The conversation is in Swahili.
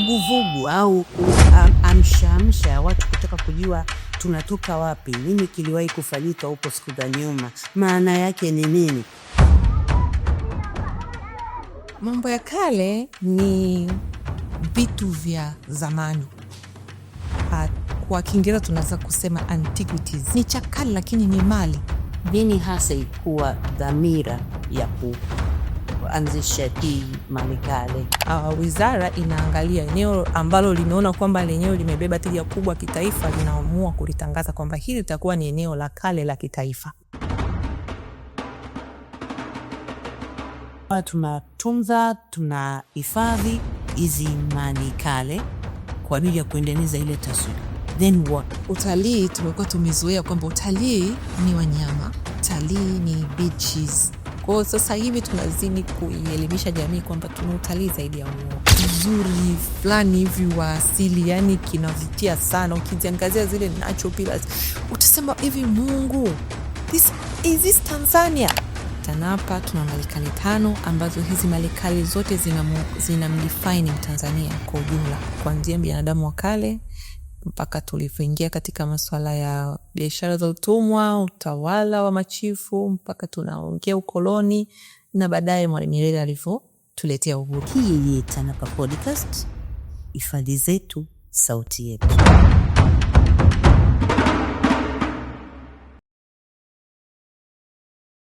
vuguvugu au amshaamsha ya watu kutaka kujua tunatoka wapi, nini kiliwahi kufanyika huko siku za nyuma, maana yake ni nini? Mambo ya kale ni vitu vya zamani, kwa Kiingereza tunaweza kusema antiquities. Ni cha kale lakini ni mali. Dini hasa ikuwa dhamira ya kuu kuanzisha hii malikale. Uh, wizara inaangalia eneo ambalo limeona kwamba lenyewe limebeba tija kubwa kitaifa, linaamua kulitangaza kwamba hili litakuwa ni eneo la kale la kitaifa. Tunatunza, tunahifadhi hizi kale kwa ajili ya kuendeleza ile taswira. Then what? Utalii tumekuwa tumezoea kwamba utalii ni wanyama, utalii ni beaches kwa hiyo sasa hivi tunazidi kuielimisha jamii kwamba tuna utalii zaidi ya uo, uzuri fulani hivi wa asili, yani kinavutia sana. Ukiziangazia zile natural pillars utasema hivi, Mungu, this is this Tanzania. TANAPA tuna malikali tano ambazo hizi malikali zote zinamdefine zina mtanzania kwa ujumla, kuanzia binadamu wa kale mpaka tulivyoingia katika masuala ya biashara za utumwa, utawala wa machifu, mpaka tunaongea ukoloni na baadaye Mwalimu Nyerere alivyotuletea uhuru. Hii ni Tanapa Podcast, hifadhi zetu, sauti yetu.